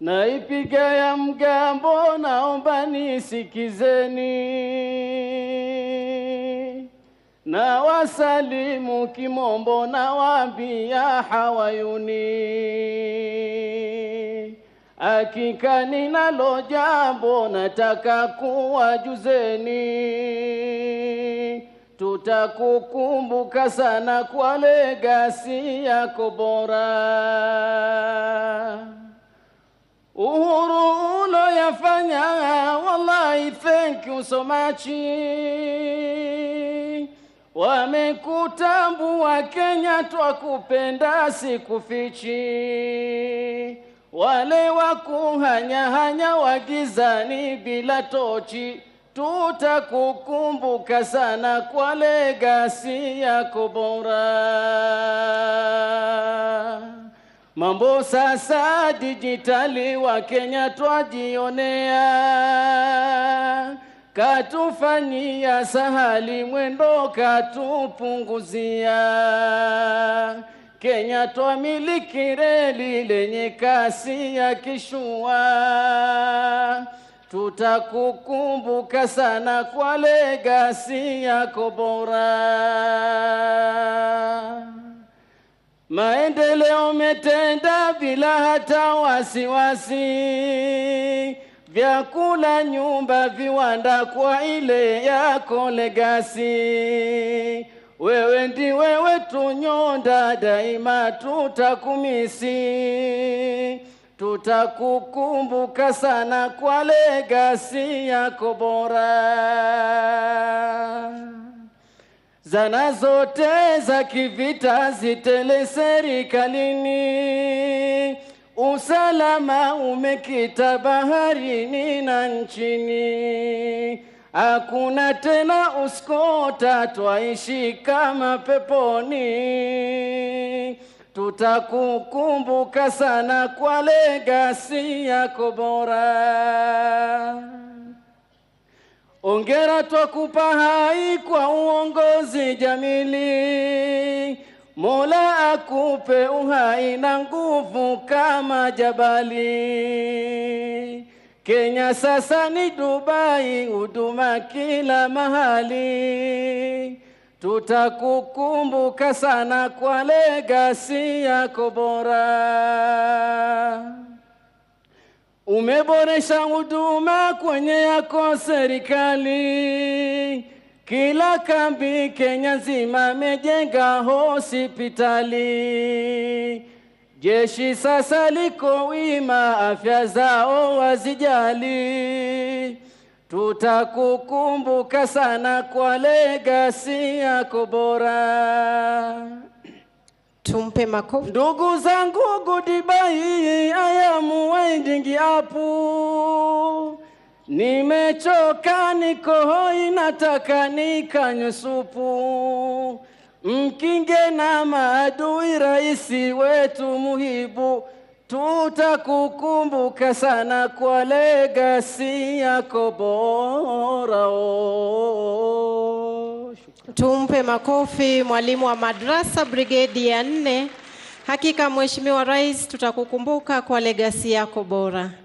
Naipiga ya mgambo, naomba nisikizeni. Na wasalimu kimombo, na wambia hawayuni. akika ninalo jambo, nataka kuwajuzeni. Tutakukumbuka sana kwa legasi yako bora. wallahi, thank you so much. Wamekutambua Kenya, twakupenda sikufichi. Wale hanya wagizani bila tochi, tutakukumbuka sana kwa legasi yako bora. Mambo sasa dijitali, wa Kenya twajionea, katufanyia sahali mwendo, katupunguzia. Kenya twamiliki reli lenye kasi ya kishua, tutakukumbuka sana kwa legasi yako bora. Maendeleo umetenda bila hata wasiwasi, vyakula, nyumba, viwanda kwa ile yako legasi. Wewe ndi wewe tunyonda, daima tutakumisi, tutakukumbuka sana kwa legasi yako bora. Zana zote za kivita zitele serikalini, usalama umekita baharini na nchini. Hakuna tena uskota, twaishi kama peponi. Tutakukumbuka sana kwa legasi yako bora. Ongera twakupa hai kwa uongozi jamili, Mola akupe uhai na nguvu kama jabali. Kenya sasa ni Dubai, huduma kila mahali. Tutakukumbuka sana kwa legasi yako bora. Umeboresha huduma kwenye yako serikali, kila kambi Kenya nzima mejenga hospitali. Jeshi sasa liko wima, afya zao wazijali. Tutakukumbuka sana kwa legasi yako bora tumpe makofi. Ndugu zangu Goodbye, I am winding up, nimechoka, niko hoi, nataka nikanywe supu, mkinge na maadui, raisi wetu muhibu, tutakukumbuka sana kwa legasi yako bora. Oh. Tumpe makofi mwalimu wa madrasa brigedi ya nne. Hakika Mheshimiwa Rais, tutakukumbuka kwa legasi yako bora.